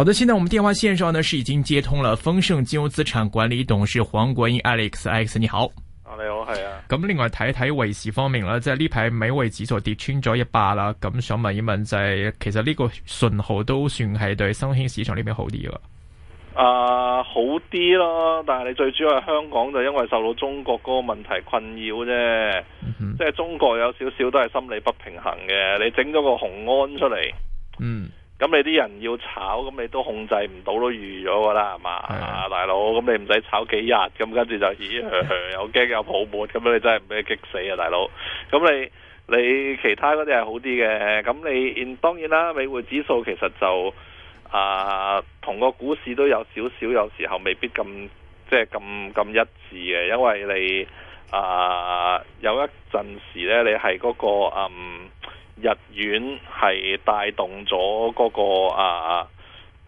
好的，現在我們電話線上呢是已經接通了豐盛金融資產管理董事黃國英 Alex，Alex Alex，你好。啊、你好係啊。咁另外睇睇匯市方面啦，即係呢排美匯指數跌穿咗一百啦，咁想問一問就係，其實呢個訊號都算係對新興市場呢邊好啲噶？啊，好啲咯，但係你最主要係香港就因為受到中國嗰個問題困擾啫，嗯、哼即係中國有少少都係心理不平衡嘅，你整咗個紅安出嚟，嗯。咁你啲人要炒，咁你都控制唔到都預咗㗎喇，係嘛？的啊，大佬，咁你唔使炒幾日，咁跟住就咦？有驚有泡沫，咁你真係唔俾你激死啊，大佬！咁你你其他嗰啲係好啲嘅，咁你當然啦，美匯指數其實就啊、呃，同個股市都有少少，有時候未必咁即係咁咁一致嘅，因為你啊、呃、有一陣時呢，你係嗰、嗰個嗯。日元係帶動咗嗰、那個啊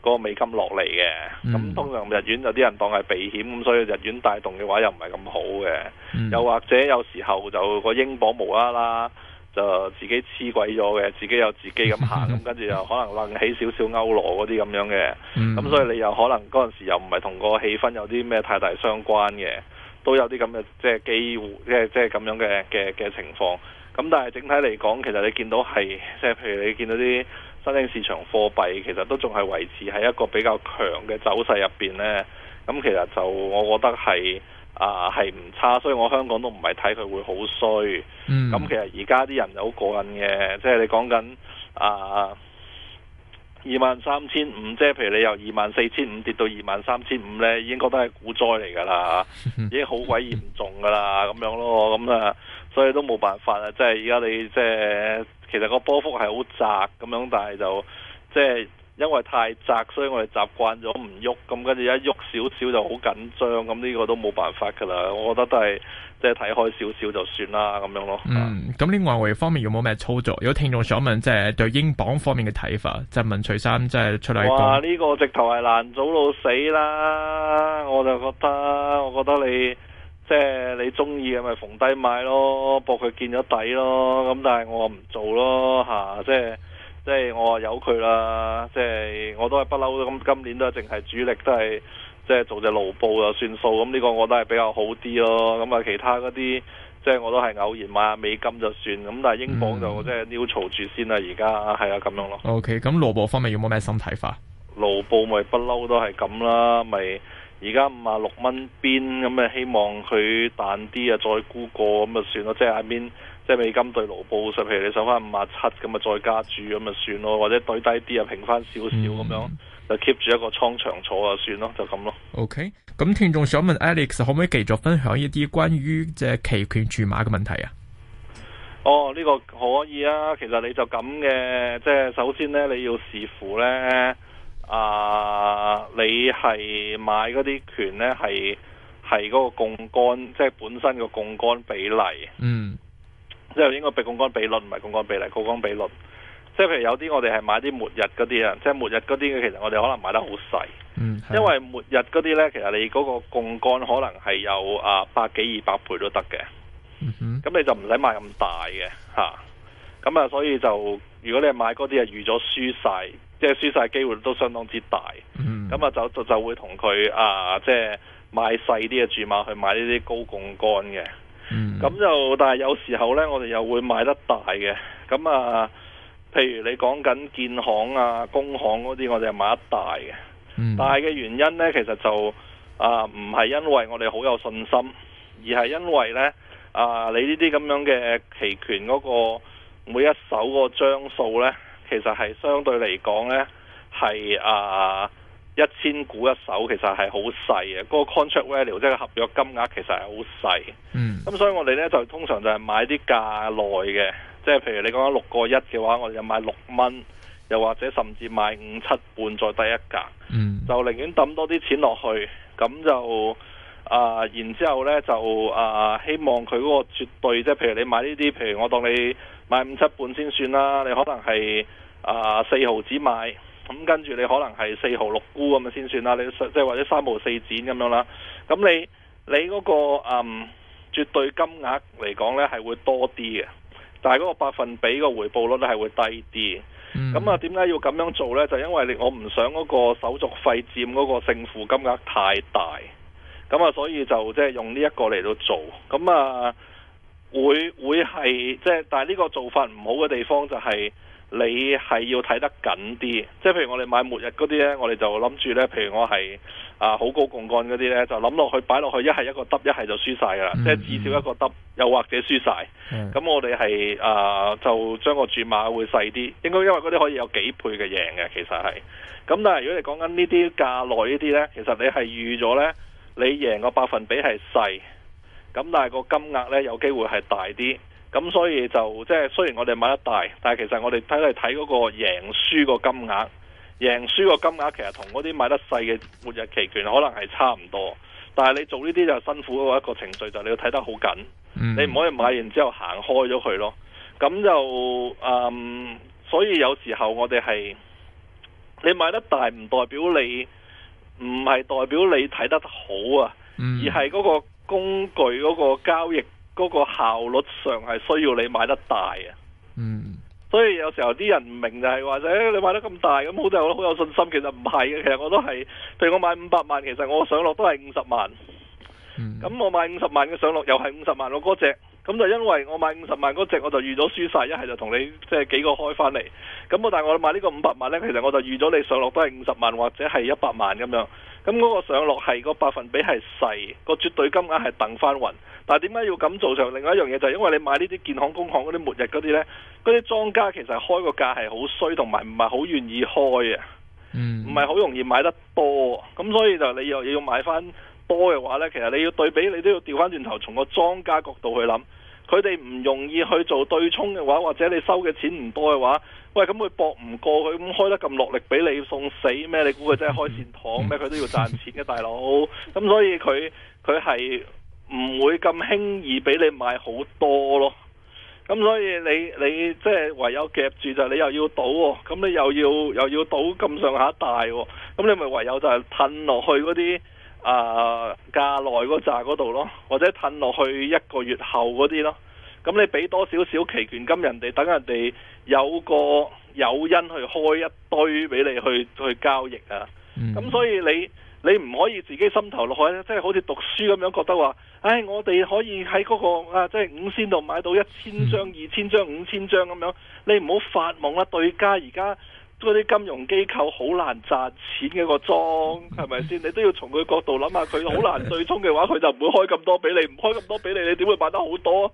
嗰、那個、美金落嚟嘅，咁、嗯、通常日元有啲人當係避險，咁所以日元帶動嘅話又唔係咁好嘅，嗯、又或者有時候就個英鎊無啦啦，就自己黐鬼咗嘅，自己有自己咁行，咁跟住又可能掹起少少歐羅嗰啲咁樣嘅，咁、嗯、所以你又可能嗰陣時又唔係同個氣氛有啲咩太大相關嘅，都有啲咁嘅即係機會，即係即係咁樣嘅嘅嘅情況。咁但係整體嚟講，其實你見到係即係譬如你見到啲新興市場貨幣，其實都仲係維持喺一個比較強嘅走勢入邊呢。咁、嗯、其實就我覺得係啊，係、呃、唔差，所以我香港都唔係睇佢會好衰。咁、嗯嗯、其實而家啲人又好過癮嘅，即係你講緊啊二萬三千五，呃、23, 500，即係譬如你由二萬四千五跌到二萬三千五呢，已經覺得係股災嚟㗎啦， 已經好鬼嚴重㗎啦，咁樣咯，咁、嗯、啊。嗯。所以都冇辦法啦，即係而家你即係其實個波幅係好窄咁樣，但係就即係因為太窄，所以我哋習慣咗唔喐，咁跟住一喐少少就好緊張，咁、這、呢個都冇辦法㗎啦。我覺得都係即係睇開少少就算啦咁樣咯。嗯，咁呢個另外方面有冇咩操作？有聽眾想問，即、就、係、是、對英鎊方面嘅睇法，就問、是、徐生，即係出嚟講。哇！呢、這個直頭係難早到死啦，我就覺得，我覺得你。即係你中意嘅咪逢低買咯，博佢見咗底咯。咁但係我唔做咯吓、啊，即係即係我話由佢啦。即係我，我都係不嬲，咁今年都淨係主力都係即係做隻盧布就算數。咁、這、呢個我都係比較好啲咯。咁啊其他嗰啲即係我都係偶然買下美金就算。咁但係英鎊就即係 neutral 住先啦。而家係啊咁樣咯。OK，咁盧布方面有冇咩新睇法？盧布咪不嬲都係咁啦，咪。而家五啊六蚊邊咁啊，希望佢彈啲啊，再沽過咁啊，算咯。即係 I mean, 即係美金對盧布，譬如你收翻五啊七咁啊，再加注咁啊，算咯。或者對低啲啊，平翻少少咁樣，就 keep 住一個倉場坐啊，算咯，就咁咯。OK，咁聽眾想問 Alex 可唔可以繼續分享一啲關於即係期權注碼嘅問題啊？哦，呢個可以啊。其實你就咁嘅，即係首先呢，你要視乎呢。啊！Uh, 你係買嗰啲權咧，係係嗰個槓杆，即係本身個槓杆比例。嗯，即係應該係槓杆比率，唔係槓杆比例，槓杆比率。即係譬如有啲我哋係買啲末日嗰啲啊，即係末日嗰啲，其實我哋可能買得好細。嗯，因為末日嗰啲咧，其實你嗰個槓杆可能係有啊百幾二百倍都得嘅。嗯哼，咁你就唔使買咁大嘅吓。咁啊，所以就如果你係買嗰啲啊，預咗輸晒。即係輸晒機會都相當之大，咁啊、嗯、就就就會同佢啊即係、就是、買細啲嘅注碼去買呢啲高槓桿嘅，咁、嗯、就但係有時候呢，我哋又會買得大嘅，咁啊，譬如你講緊建行啊、工行嗰啲，我哋買得大嘅，嗯、但大嘅原因呢，其實就啊唔係因為我哋好有信心，而係因為呢，啊你呢啲咁樣嘅期權嗰個每一手嗰個張數呢。其實係相對嚟講呢，係啊一千股一手，其實係好細嘅，嗰個 contract value 即係個合約金額其實係好細。嗯，咁所以我哋呢，就通常就係買啲價內嘅，即係譬如你講緊六個一嘅話，我哋就買六蚊，又或者甚至買五七半再低一格。嗯，就寧願抌多啲錢落去，咁就啊，然之後呢，就啊，希望佢嗰個絕對即係譬如你買呢啲，譬如我當你買五七半先算啦，你可能係。啊、呃，四毫子買，咁、嗯、跟住你可能係四毫六沽咁樣先算啦，你即係或者三毫四展咁樣啦。咁你你嗰、那個嗯絕對金額嚟講呢係會多啲嘅，但係嗰個百分比個回報率呢係會低啲。咁、嗯、啊，點解要咁樣做呢？就因為你我唔想嗰個手續費占嗰個勝負金額太大，咁啊，所以就即係、就是、用呢一個嚟到做，咁啊，會會係即係，但係呢個做法唔好嘅地方就係、是。你係要睇得緊啲，即係譬如我哋買末日嗰啲呢，我哋就諗住呢。譬如我係啊好高槓桿嗰啲呢，就諗落去擺落去，一係一個得，一係就輸晒噶啦，嗯嗯即係至少一個得，又或者輸晒。咁、嗯、我哋係啊就將個注碼會細啲，應該因為嗰啲可以有幾倍嘅贏嘅，其實係。咁但係如果你講緊呢啲價內呢啲呢，其實你係預咗呢，你贏個百分比係細，咁但係個金額呢，有機會係大啲。咁所以就即係雖然我哋買得大，但係其實我哋睇嚟睇嗰個贏輸個金額，贏輸個金額其實同嗰啲買得細嘅末日期權可能係差唔多。但係你做呢啲就辛苦嘅一個程序就是、你要睇得好緊，嗯、你唔可以買完之後行開咗佢咯。咁就嗯，所以有時候我哋係你買得大唔代表你唔係代表你睇得好啊，而係嗰個工具嗰、嗰個交易。嗰個效率上係需要你買得大啊，嗯，所以有時候啲人唔明就係話誒，你買得咁大，咁好多好有信心，其實唔係嘅，其實我都係，譬如我買五百萬，其實我上落都係五十萬，咁、嗯、我買五十萬嘅上落又係五十萬咯，嗰隻。咁就因為我買五十萬嗰隻，我就預咗輸晒，一係就同你即係幾個開翻嚟。咁我但係我買呢個五百萬呢，其實我就預咗你上落都係五十萬或者係一百萬咁樣。咁、那、嗰個上落係、個百分比係細，個絕對金額係等翻雲。但係點解要咁做？就另外一樣嘢就係因為你買呢啲建行、工行嗰啲末日嗰啲呢，嗰啲莊家其實開個價係好衰，同埋唔係好願意開啊。唔係好容易買得多。咁所以就你又要用買翻。多嘅話呢，其實你要對比，你都要調翻轉頭，從個莊家角度去諗，佢哋唔容易去做對沖嘅話，或者你收嘅錢唔多嘅話，喂，咁佢搏唔過佢，咁開得咁落力俾你送死咩？你估佢真係開善堂咩？佢 都要賺錢嘅大佬，咁所以佢佢係唔會咁輕易俾你買好多咯。咁所以你你即係唯有夾住就，你又要賭、哦，咁你又要又要賭咁上下大、哦，咁你咪唯有就係吞落去嗰啲。啊，價內嗰扎嗰度咯，或者褪落去一個月後嗰啲咯，咁你俾多少少期權金人哋，等人哋有個誘因去開一堆俾你去去交易啊，咁、嗯、所以你你唔可以自己心頭落去，咧，即係好似讀書咁樣覺得話，唉、哎，我哋可以喺嗰、那個啊，即、就、係、是、五仙度買到一千張、二千張、五千張咁樣，你唔好發夢啦，對家而家。嗰啲金融機構好難賺錢嘅個莊，係咪先？你都要從佢角度諗下，佢好難對沖嘅話，佢就唔會開咁多俾你，唔開咁多俾你，你點會買得好多？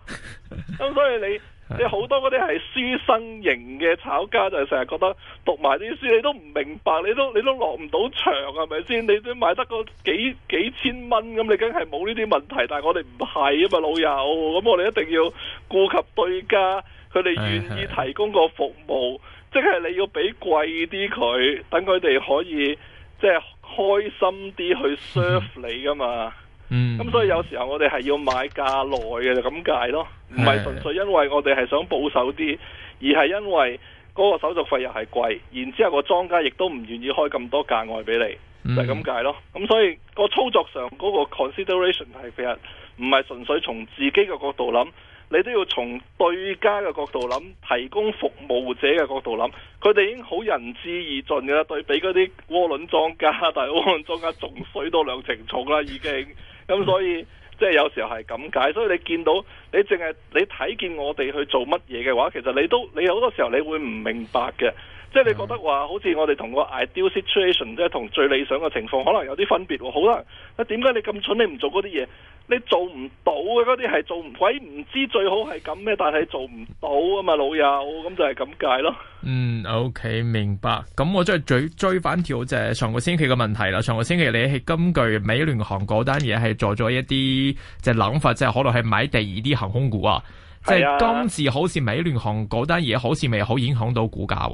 咁所以你你好多嗰啲係書生型嘅炒家，就係成日覺得讀埋啲書，你都唔明白，你都你都落唔到場，係咪先？你都買得個幾幾千蚊咁，你梗係冇呢啲問題，但係我哋唔係啊嘛，老友，咁我哋一定要顧及對家，佢哋願意提供個服務。即係你要俾貴啲佢，等佢哋可以即係開心啲去 serve 你㗎嘛。嗯。咁所以有時候我哋係要買價內嘅就咁、是、解咯，唔係純粹因為我哋係想保守啲，而係因為嗰個手續費又係貴，然之後個莊家亦都唔願意開咁多價外俾你，就咁、是、解咯。咁、嗯、所以個操作上嗰個 consideration 係，其實唔係純粹從自己嘅角度諗。你都要從對家嘅角度諗，提供服務者嘅角度諗，佢哋已經好仁至義盡㗎喇。對比嗰啲窩輪莊家，但係窩輪莊家，仲衰多兩成重啦已經。咁所以即係有時候係咁解，所以你見到你淨係你睇見我哋去做乜嘢嘅話，其實你都你好多時候你會唔明白嘅。即係你覺得話，好似我哋同個 ideal situation，即係同最理想嘅情況，可能有啲分別。好啦，啊點解你咁蠢？你唔做嗰啲嘢，你做唔到嘅嗰啲係做唔鬼，唔知最好係咁咩，但係做唔到啊嘛，老友，咁就係咁解咯嗯。嗯，OK，明白。咁我真係最追翻條就上個星期嘅問題啦。上個星期你係根據美聯航嗰單嘢係做咗一啲即係諗法，即係可能係買第二啲航空股是啊。即係今次好似美聯航嗰單嘢，好似未好影響到股價。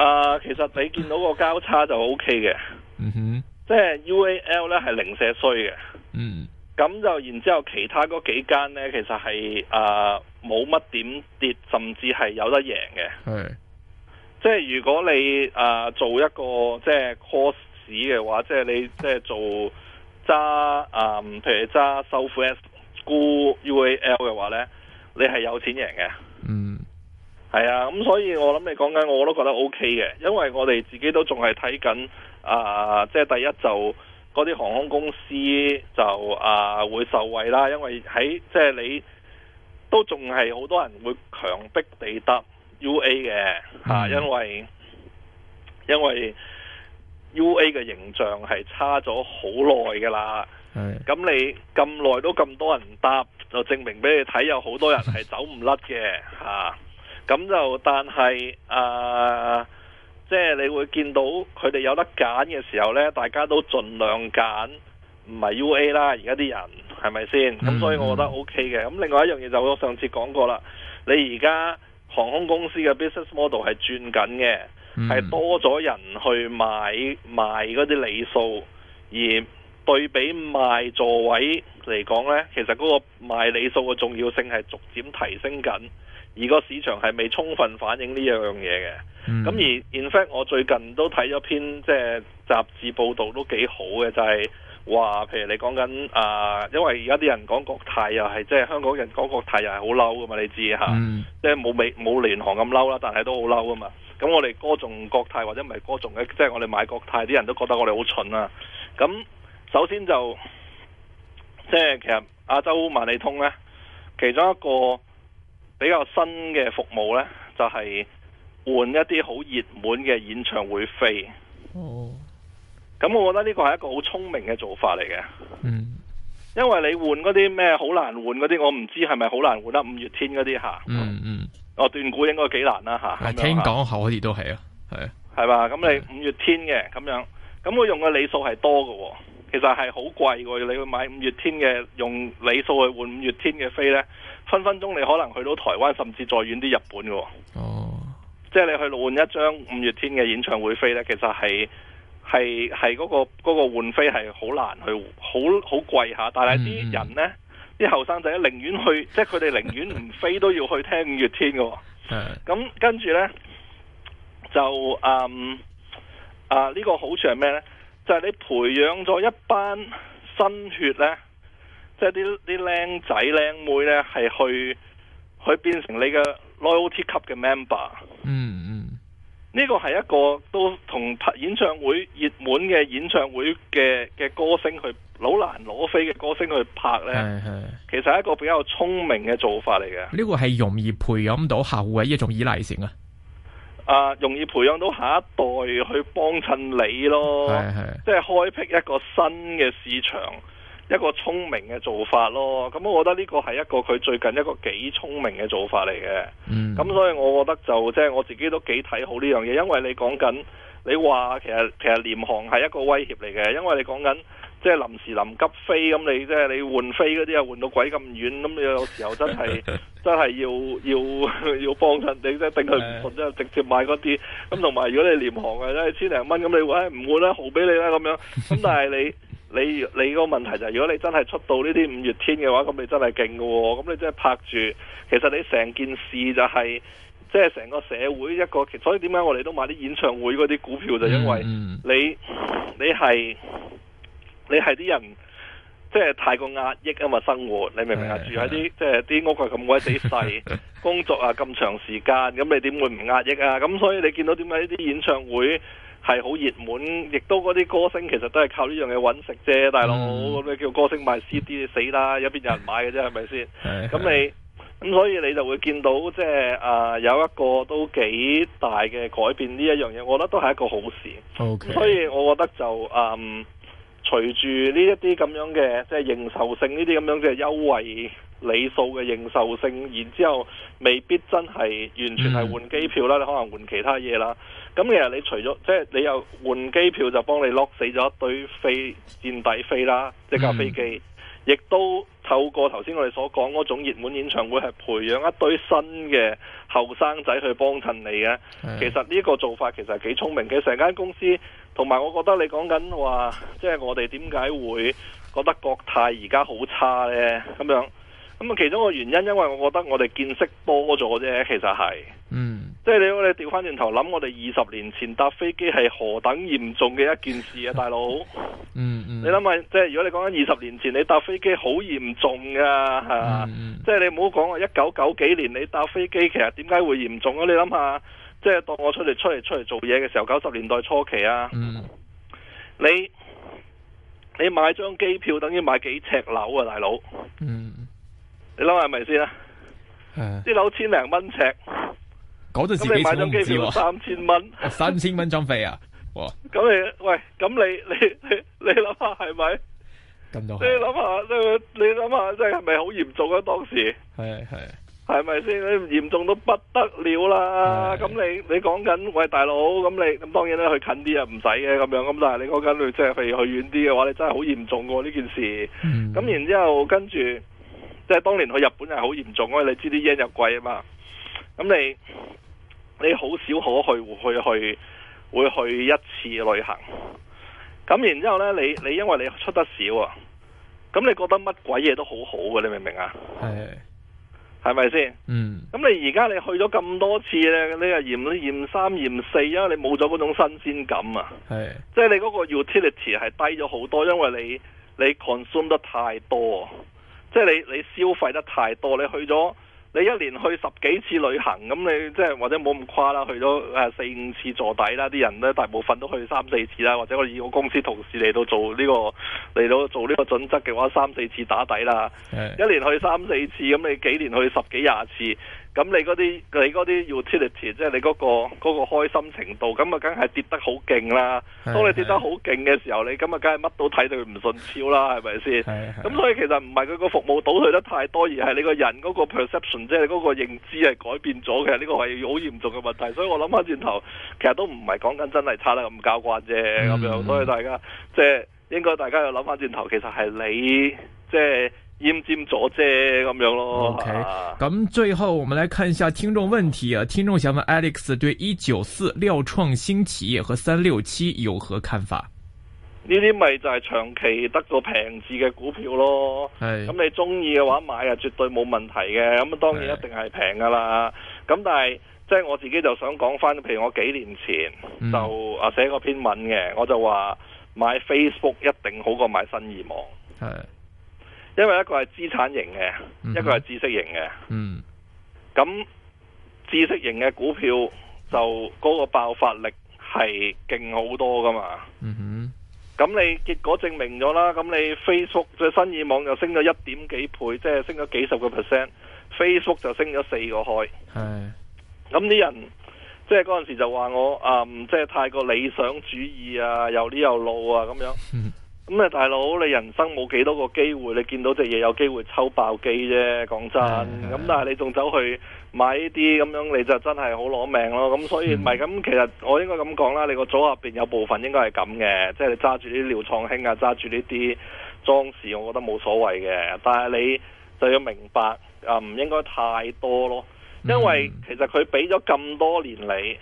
啊，uh, 其實你見到個交叉就 O K 嘅，嗯哼、mm，hmm. 即係 U A L 咧係零舍衰嘅，嗯、mm，咁、hmm. 就然之後其他嗰幾間咧，其實係啊冇乜點跌，甚至係有得贏嘅，係、mm，hmm. 即係如果你啊、呃、做一個即係 call 市嘅話，即係你即係做揸啊，譬如揸收復 S 沽 U A L 嘅話咧，你係有錢贏嘅，嗯、mm。Hmm. 係啊，咁所以我諗你講緊，我都覺得 O K 嘅，因為我哋自己都仲係睇緊啊，即係第一就嗰啲航空公司就啊會受惠啦，因為喺即係你都仲係好多人會強迫你搭 U A 嘅吓，因為因為 U A 嘅形象係差咗好耐噶啦，係。咁你咁耐都咁多人搭，就證明俾你睇有好多人係走唔甩嘅吓。 咁、呃、就，但係啊，即係你會見到佢哋有得揀嘅時候呢，大家都盡量揀唔係 UA 啦，而家啲人係咪先？咁、嗯、所以我覺得 OK 嘅。咁另外一樣嘢就我上次講過啦，你而家航空公司嘅 business model 係轉緊嘅，係、嗯、多咗人去買賣嗰啲里數而。對比賣座位嚟講呢，其實嗰個賣理數嘅重要性係逐漸提升緊，而個市場係未充分反映呢樣嘢嘅。咁、嗯、而 in fact，我最近都睇咗篇即係、就是、雜誌報道都幾好嘅，就係、是、話，譬如你講緊啊、呃，因為而家啲人講國泰又係即係香港人講國泰又係好嬲噶嘛，你知吓，即係冇美冇聯航咁嬲啦，但係都好嬲啊嘛。咁我哋歌頌國泰或者唔係歌頌嘅，即、就、係、是、我哋買國泰啲人都覺得我哋好蠢啊。咁首先就即係其實亞洲萬里通呢，其中一個比較新嘅服務呢，就係換一啲好熱門嘅演唱會飛。哦，咁我覺得呢個係一個好聰明嘅做法嚟嘅。嗯，因為你換嗰啲咩好難換嗰啲，我唔知係咪好難換啦。五月天嗰啲，吓，嗯嗯，哦斷估，應該幾難啦，吓。我聽講好似都係啊，係啊，係嘛，咁你五月天嘅咁樣，咁我用嘅里數係多嘅。其實係好貴嘅，你去買五月天嘅，用里數去換五月天嘅飛呢，分分鐘你可能去到台灣，甚至再遠啲日本嘅。哦，哦即係你去換一張五月天嘅演唱會飛呢，其實係係係嗰個嗰、嗰個嗰個換飛係好難去，好好貴下。但係啲人呢，啲後生仔寧願去，即係佢哋寧願唔飛 都要去聽五月天嘅、哦。咁、嗯、跟住呢、就、嗯、啊呢、呢個好處係咩呢？就係你培養咗一班新血呢，即係啲啲靚仔靚妹呢，係去去變成你嘅 loyalty 級嘅 member。嗯嗯，呢個係一個都同拍演唱會熱門嘅演唱會嘅嘅歌星去好難攞飛嘅歌星去拍呢。係係、嗯，嗯、其實係一個比較聰明嘅做法嚟嘅。呢個係容易培養到客戶嘅一種依賴性啊！啊！容易培養到下一代去幫襯你咯，是是，即係開闢一個新嘅市場，一個聰明嘅做法咯。咁我覺得呢個係一個佢最近一個幾聰明嘅做法嚟嘅。咁、嗯、所以我覺得就即係我自己都幾睇好呢樣嘢，因為你講緊，你話其實其實廉航係一個威脅嚟嘅，因為你講緊。即係臨時臨急飛咁，你即係你換飛嗰啲啊，換到鬼咁遠咁，你有時候真係 真係要要呵呵要幫襯你即係頂佢唔順，即係 直接買嗰啲。咁同埋如果你廉航嘅咧千零蚊咁，你換唔換咧豪俾你啦咁樣。咁但係你你你個問題就係、是，如果你真係出到呢啲五月天嘅話，咁你真係勁㗎喎。咁你真係拍住，其實你成件事就係、是、即係成個社會一個，所以點解我哋都買啲演唱會嗰啲股票就因為你 你係。你你係啲人，即係太過壓抑啊嘛，生活你明唔明啊？是是是住喺啲即係啲屋係咁鬼死細， 工作啊咁長時間，咁你點會唔壓抑啊？咁所以你見到點解呢啲演唱會係好熱門，亦都嗰啲歌星其實都係靠呢樣嘢搵食啫，大佬，嗯、咁你叫歌星賣 CD 你死啦，有邊、嗯、有人買嘅啫，係咪先？咁你咁所以你就會見到即係誒、呃、有一個都幾大嘅改變呢一樣嘢，我覺得都係一個好事。所以我覺得就嗯。Okay. 隨住呢一啲咁樣嘅即係認受性，呢啲咁樣嘅優惠理數嘅認受性，然之後未必真係完全係換機票啦，嗯、你可能換其他嘢啦。咁其實你除咗即係你又換機票，就幫你 lock 死咗一堆飛墊底飛啦，一架飛機。嗯亦都透過頭先我哋所講嗰種熱門演唱會，係培養一堆新嘅後生仔去幫襯你嘅。其實呢個做法其實係幾聰明嘅，成間公司同埋我覺得你講緊話，即係、就是、我哋點解會覺得國泰而家好差呢？咁樣咁啊，其中個原因，因為我覺得我哋見識多咗啫。其實係嗯。即係你，你我哋調翻轉頭諗，我哋二十年前搭飛機係何等嚴重嘅一件事啊，大佬、 嗯！嗯嗯，你諗下，即係如果你講緊二十年前你搭飛機好嚴重噶，係嘛？嗯、即係你唔好講話一九九幾年你搭飛機，其實點解會嚴重啊？你諗下，即係當我出嚟出嚟出嚟做嘢嘅時候，九十年代初期啊，嗯，你你買張機票等於買幾尺樓啊，大佬！嗯，你諗下係咪先啊？啲樓千零蚊尺。 講到自己都唔知， 三千蚊，三千蚊張飛啊！咁你喂，咁你你你你諗下係咪？咁你諗下，你諗下，即係係咪好嚴重啊？當時係係係咪先？你嚴重到不得了啦、啊！咁的你你講緊喂大佬，咁你咁當然啦，去近啲又唔使嘅咁樣，咁但係你講緊，即係譬如去遠啲嘅話，你真係好嚴重噶、啊、呢件事。咁、嗯、然之後跟住，即係當年去日本係好嚴重因為！你知啲煙又貴啊嘛，咁你。你好少可去去去，會去，去，去，去一次旅行。咁然之後呢，你你因為你出得少啊，咁你覺得乜鬼嘢都好好嘅，你明唔明啊？係是是，係咪先？嗯。咁你而家你去咗咁多次呢，你又嫌嫌三嫌四，因為你冇咗嗰種新鮮感啊。係。即係你嗰個 utility 係低咗好多，因為你你 consume 得太多，即係你你消費得太多，你去咗。你一年去十幾次旅行，咁你即係或者冇咁誇啦，去咗誒四五次坐底啦。啲人咧，大部分都去三四次啦，或者我以我公司同事嚟到做呢個嚟到做呢個準則嘅話，三四次打底啦。的一年去三四次，咁你幾年去十幾廿次？咁你嗰啲你啲 utility 即係你嗰個嗰個開心程度，咁啊梗係跌得好勁啦。是當你跌得好勁嘅時候，你咁啊梗係乜都睇到佢唔順超啦，係咪先？咁所以其實唔係佢個服務倒退得太多，而係你個人嗰個 perception，即係你嗰個認知係改變咗嘅。呢個係好嚴重嘅問題。所以我諗翻轉頭，其實都唔係講緊真係差得咁交關啫。咁樣，嗯，所以大家即係應該大家要諗翻轉頭，其實係你即係。陰尖咗啫，咁樣咯。咁 Okay.、啊、最後，我們來看一下聽眾問題啊！聽眾想問 Alex 對一九四廖創新企業和三六七有何看法？呢啲咪就係長期得個平字嘅股票咯。咁、哎、你中意嘅話買又絕對冇問題嘅。咁啊，當然一定係平噶啦。咁、哎、但係即係我自己就想講翻，譬如我幾年前就啊寫過篇文嘅，嗯、我就話買 Facebook 一定好過買新意網。係、哎。因為一個係資產型嘅，嗯、哼一個係知識型嘅。嗯，咁知識型嘅股票就嗰個爆發力係勁好多噶嘛。嗯哼，咁你結果證明咗啦，咁你 Facebook 即係新意網就升咗一點幾倍，即、就、係、是、升咗幾十個 percent，Facebook、嗯、就升咗四個開。係、嗯，咁啲人即係嗰陣時就話我啊，唔即係太過理想主義啊，又呢又露啊咁樣。 咁啊，大佬，你人生冇幾多個機會，你見到隻嘢有機會抽爆機啫。講真，咁但係你仲走去買呢啲咁樣，你就真係好攞命咯。咁所以咪係咁，的其實我應該咁講啦。你個組合入邊有部分應該係咁嘅，即係你揸住啲廖創興啊，揸住呢啲裝飾，我覺得冇所謂嘅。但係你就要明白啊，唔應該太多咯，因為其實佢俾咗咁多年嚟，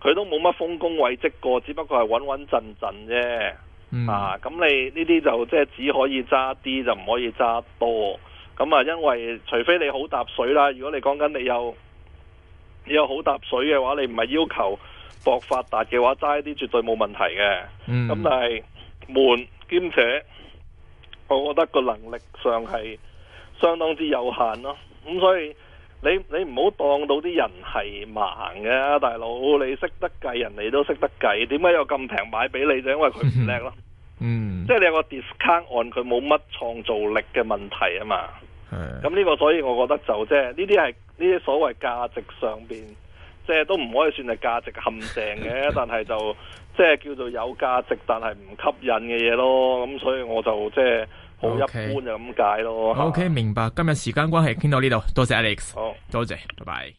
佢都冇乜豐功偉績過，只不過係穩穩陣陣啫。Mm hmm. 啊，咁你呢啲就即係只可以揸啲，就唔可以揸多。咁啊，因為除非你好搭水啦，如果你講緊你有你有好搭水嘅話，你唔係要求博發達嘅話，揸啲絕對冇問題嘅。咁、mm hmm. 但係悶，兼且我覺得個能力上係相當之有限咯。咁所以。你你唔好當到啲人係盲嘅，大佬你識得計，人哋都識得計。點解有咁平買俾你？就因為佢唔叻咯。嗯， 即係你有個 discount，按佢冇乜創造力嘅問題啊嘛。係。咁 呢個所以我覺得就即係呢啲係呢啲所謂價值上邊，即係都唔可以算係價值陷阱嘅，但係就即係叫做有價值但係唔吸引嘅嘢咯。咁所以我就即係。好一般就咁解咯。Okay. OK，明白。今日時間關係傾到呢度，多謝 Alex。好，多謝，拜拜。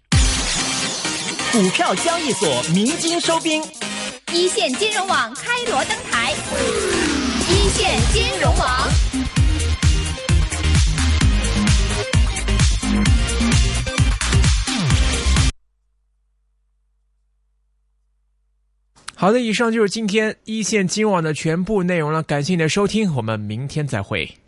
股票交易所鳴金收兵，一線金融網開鑼登台，一線金融網。好的，以上就是今天一線今晚的全部內容了，感謝你的收聽，我們明天再會。